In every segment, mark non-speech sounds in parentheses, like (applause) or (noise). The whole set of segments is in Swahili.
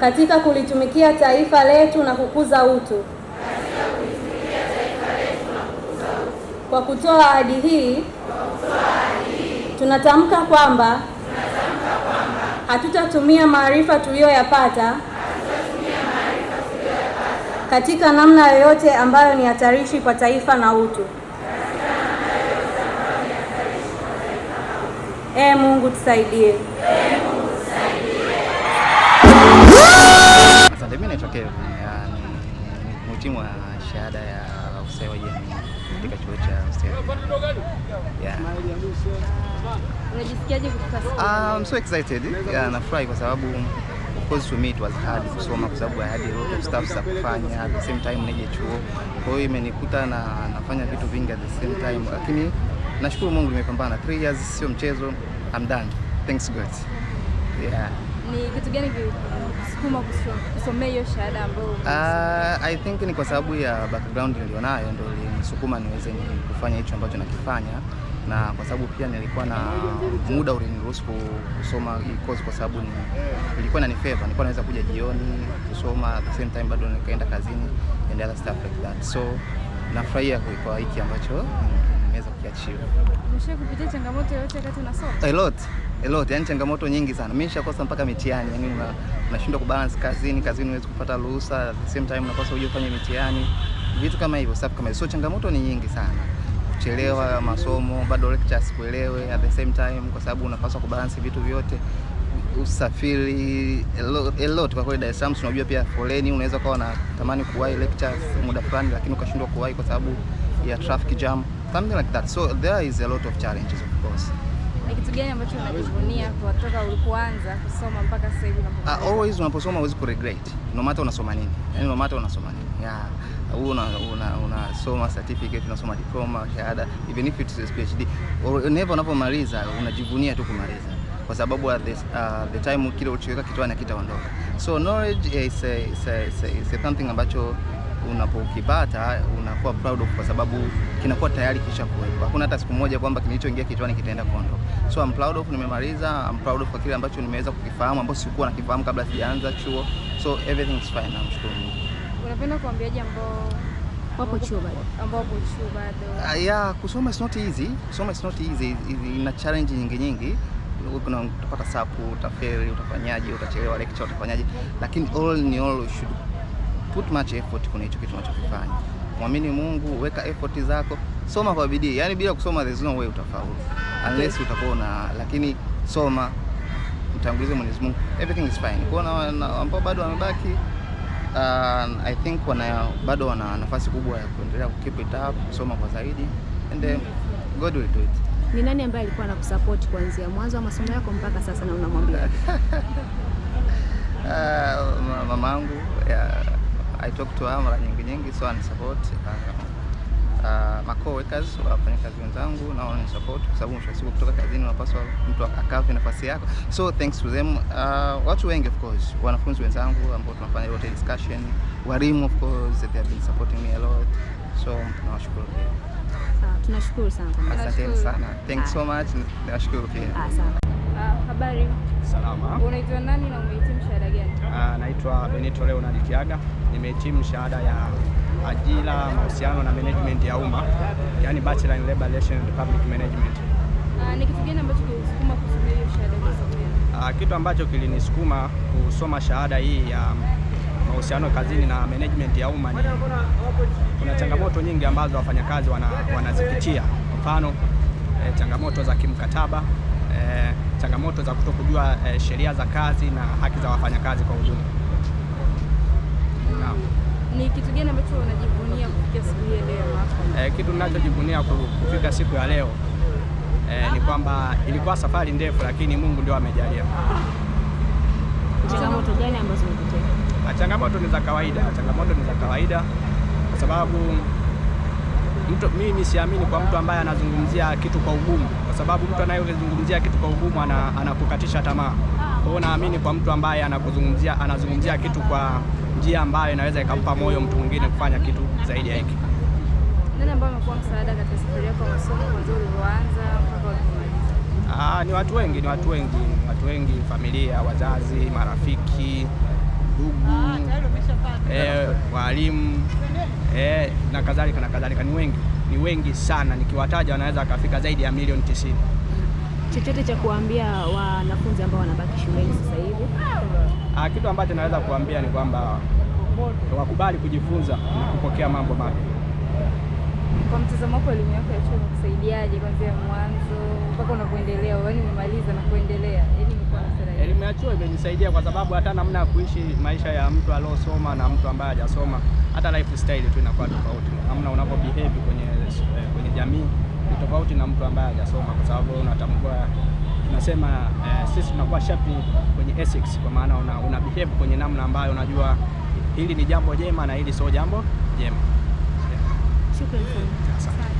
katika kulitumikia taifa letu na kukuza utu, kwa kutoa ahadi hii tunatamka kwamba hatutatumia maarifa tuliyoyapata katika namna yoyote ambayo ni hatarishi kwa taifa na utu. Ee Mungu tusaidie. kwanza mimi naitwa Kevin, mhitimu wa shahada ya ustawi wa jamii katika chuo cha ustawi. Yeah. Unajisikiaje kufika siku? Ah, I'm so excited. Yeah, nafurahi kwa sababu of course for me it was hard kusoma kwa sababu I had a lot of stuff za kufanya at the same time nije chuo. Kwa hiyo imenikuta na nafanya vitu vingi at the same time lakini nashukuru Mungu nimepambana. 3 years sio mchezo. I'm done. Thanks God. Yeah. Ni kitu gani kusukuma kusomea hiyo shahada ambayo? Uh, I think ni kwa sababu ya background nilionayo ndio ilinisukuma niweze kufanya hicho ambacho nakifanya, na kwa sababu pia nilikuwa na muda uliniruhusu kusoma hii course, kwa sababu ilikuwa ni favor, nilikuwa naweza kuja jioni kusoma, at the same time bado nikaenda kazini and other stuff like that, so nafurahia kwa hiki ambacho nimeachiwa. Umeshawahi kupitia changamoto yoyote wakati unasoma? A lot, a lot, yani changamoto nyingi sana. Mimi nishakosa mpaka mitihani, yani nashindwa kubalance kazini, kazini huwezi kupata ruhusa, at the same time unakosa uje kufanya mitihani. Vitu kama hivyo, sababu kama hizo changamoto ni nyingi sana. Kuchelewa masomo, bado lectures kuelewe at the same time kwa sababu unapaswa kubalance vitu vyote. Usafiri a lot, a kwa kweli. Dar es Salaam unajua pia foleni, unaweza ukawa na tamani kuwahi lectures muda fulani, lakini ukashindwa kuwahi kwa sababu ya traffic jam something like that. So there is a lot of challenges of course. Uh, always unaposoma huwezi kuregret. No matter unasoma nini. Yaani no matter unasoma nini. Yeah. Una una unasoma certificate, unasoma diploma, shahada, even if it's a PhD. Or never unapomaliza unajivunia tu kumaliza kwa sababu at the, uh, the time kile ulichoweka kichwani kitaondoka. So knowledge is, a, is, a, is, a, is a something ambacho unapokipata unakuwa proud of, kwa sababu kinakuwa tayari kisha kuwepo. Hakuna hata siku moja kwamba kilichoingia kichwani kitaenda kondo. So I'm proud of, nimemaliza. I'm proud of kwa kile ambacho nimeweza kukifahamu ambacho sikuwa nakifahamu kabla sijaanza chuo, so everything's fine, namshukuru Mungu. Unapenda kuambiaje ambao wapo chuo bado, ambao wapo chuo bado? Uh, ah, yeah, kusoma is not easy, kusoma is not easy, ina challenge nyingi nyingi kuna utapata sapu, utaferi, utafanyaje, utachelewa lecture, utafanyaje, lakini all in all should put much effort kwenye hicho kitu unachokifanya. Mwamini Mungu, weka effort zako, soma kwa bidii. Yaani bila kusoma there's no way utafaulu. Unless okay, utakuwa na lakini soma, mtangulize Mwenyezi Mungu. Everything is fine. Kwa na ambao bado wamebaki uh, I think wana bado wana nafasi kubwa ya kuendelea ku keep it up, kusoma kwa zaidi. And then God will do it. Ni nani ambaye alikuwa anakusupport kuanzia mwanzo wa masomo yako mpaka sasa na unamwambia? Uh, (laughs) ah, mamangu yeah. I talk to her mara nyingi nyingi, so ani support uh, uh, ma coworkers wafanya kazi wenzangu na wana support, kwa sababu mwisho siku kutoka kazini unapaswa mtu akave nafasi yako, so thanks to them. Uh, watu wengi of course, wanafunzi wenzangu ambao tunafanya yote discussion, walimu of course, they have been supporting me a lot, so nawashukuru pia. Ah, tunashukuru sana kwa Asante sana. Thanks so ah. much. Nashukuru pia. Asante. Ah, habari. Salama. Unaitwa nani na umehitimu shahada gani? Ah, naitwa Benito Leonard Kiaga nimehitimu shahada ya ajira, mahusiano na management ya umma, yani bachelor in labor relations and public management. Uh, ni kitu gani ambacho kilisukuma hiyo shahada ah, kitu ambacho kilinisukuma kusoma shahada hii ya mahusiano kazini na management ya umma ni kuna changamoto nyingi ambazo wafanyakazi wana, wanazipitia mfano e, changamoto za kimkataba e, changamoto za kutokujua e, sheria za kazi na haki za wafanyakazi kwa ujumla. Ni kitu gani ambacho unajivunia kufikia siku hii leo hapa? Eh, kitu ninachojivunia kufika siku ya leo eh, ni kwamba ilikuwa safari ndefu lakini Mungu ndio amejalia. Changamoto gani ambazo umepitia? Ah, changamoto ni za kawaida, changamoto ni za kawaida kwa sababu mtu, mimi siamini kwa mtu ambaye anazungumzia kitu kwa ugumu sababu mtu anayezungumzia kitu kwa ugumu anakukatisha ana tamaa. Kwa hiyo naamini kwa mtu ambaye anakuzungumzia anazungumzia kitu kwa njia ambayo inaweza ikampa moyo mtu mwingine kufanya kitu zaidi ya hiki. Nani ambaye amekuwa msaada katika safari yako ya masomo kuanzia ulivyoanza mpaka ulipomaliza? Ah, ni watu wengi, ni watu wengi, watu wengi, familia, wazazi, marafiki, ndugu Ah, eh, walimu eh, na kadhalika na kadhalika, ni wengi ni wengi sana, nikiwataja wanaweza akafika zaidi ya milioni tisini. Chochote cha kuambia wanafunzi ambao wanabaki shuleni sasa hivi? Ah, kitu ambacho naweza kuambia ni kwamba wakubali kujifunza na kupokea mambo mapya. Kwa mtazamo wako, elimu yako ya chuo inakusaidiaje kuanzia mwanzo mpaka unapoendelea, yaani umemaliza na kuendelea elimu ya chuo imenisaidia kwa sababu hata namna ya kuishi maisha ya mtu aliosoma na mtu ambaye hajasoma, hata lifestyle tu inakuwa tofauti. Namna unavyo behave kwenye, eh, kwenye jamii ni tofauti na mtu ambaye hajasoma, kwa sababu unatambua tunasema eh, sisi tunakuwa shapi kwenye ethics, kwa maana una, una behave kwenye namna ambayo unajua hili ni jambo jema na hili sio jambo jema. Shukrani sana.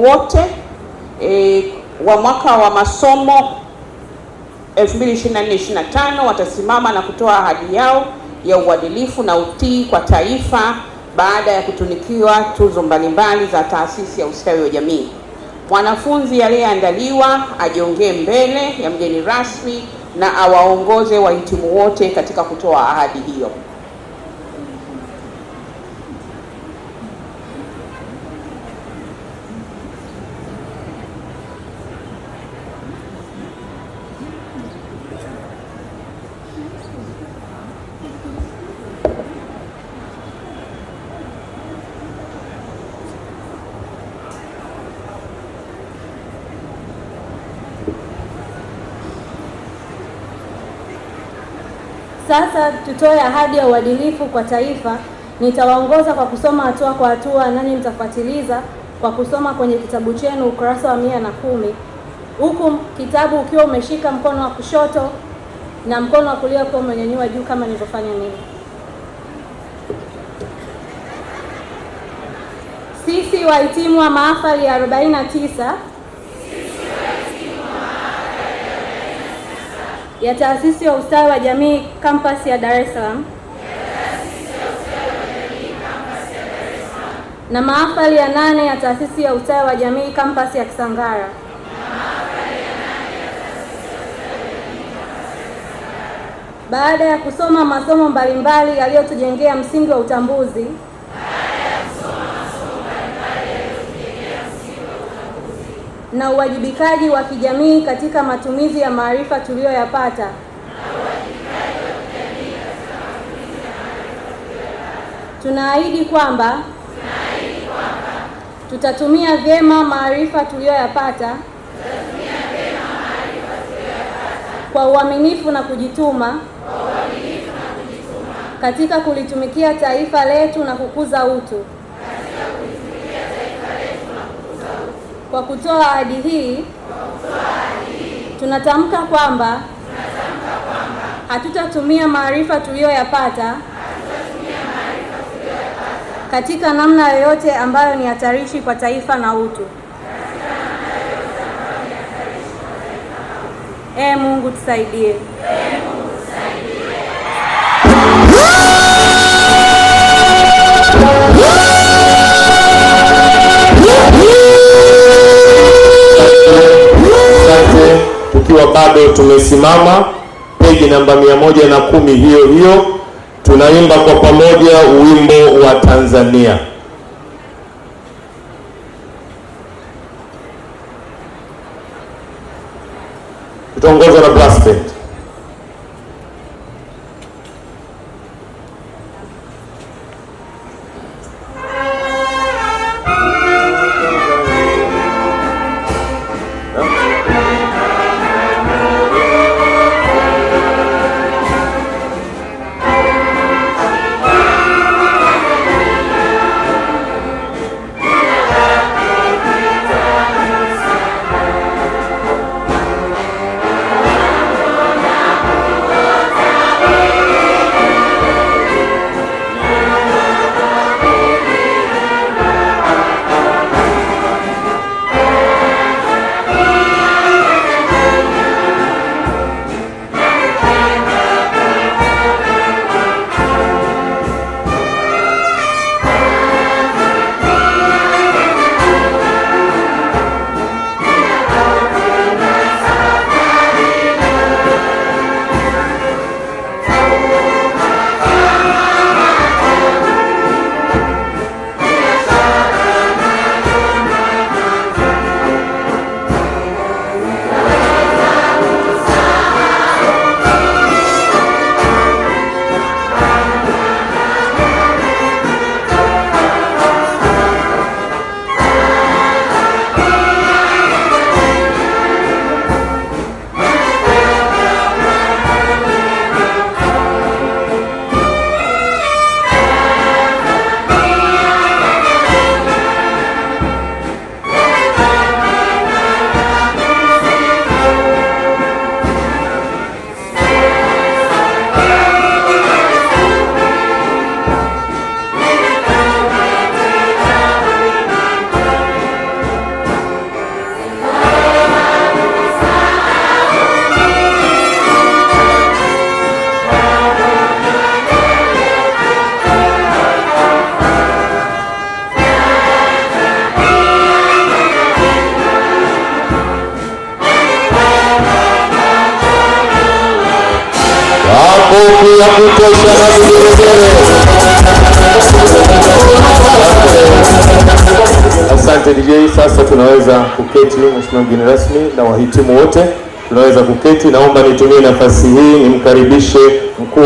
wote e, wa mwaka wa masomo 2024/2025 watasimama na kutoa ahadi yao ya uadilifu na utii kwa taifa baada ya kutunikiwa tuzo mbalimbali za Taasisi ya Ustawi wa Jamii. Mwanafunzi aliyeandaliwa ajiongee mbele ya mgeni rasmi na awaongoze wahitimu wote katika kutoa ahadi hiyo. Sasa tutoe ahadi ya uadilifu kwa taifa. Nitawaongoza kwa kusoma hatua kwa hatua, nanyi mtafuatiliza kwa kusoma kwenye kitabu chenu ukurasa wa mia na kumi huku kitabu ukiwa umeshika mkono wa kushoto na mkono wa kulia ukiwa umenyanyua juu kama nilivyofanya mimi. Sisi wahitimu wa mahafali ya 49 ya Taasisi ya Ustawi wa Jamii kampasi ya Dar es Salaam na mahafali ya nane ya Taasisi ya Ustawi wa Jamii kampasi ya Kisangara baada ya kusoma masomo mbalimbali yaliyotujengea msingi wa utambuzi na uwajibikaji wa kijamii katika matumizi ya maarifa tuliyoyapata. Tunaahidi kwamba tutatumia vyema maarifa tuliyoyapata kwa uaminifu na kujituma katika kulitumikia taifa letu na kukuza utu. Kwa kutoa ahadi hii, tunatamka kwamba, hatutatumia maarifa tuliyoyapata katika namna yoyote ambayo ni hatarishi kwa taifa na utu. Ee Mungu tusaidie. Asante. Tukiwa bado tumesimama peji namba mia moja na kumi hiyo hiyo, tunaimba kwa pamoja wimbo wa Tanzania. Tutaongozwa na brass ya kutosha na Asante DJ, sasa tunaweza kuketi. Mheshimiwa mgeni rasmi na wahitimu wote tunaweza kuketi. Naomba nitumie nafasi hii nimkaribishe mkuu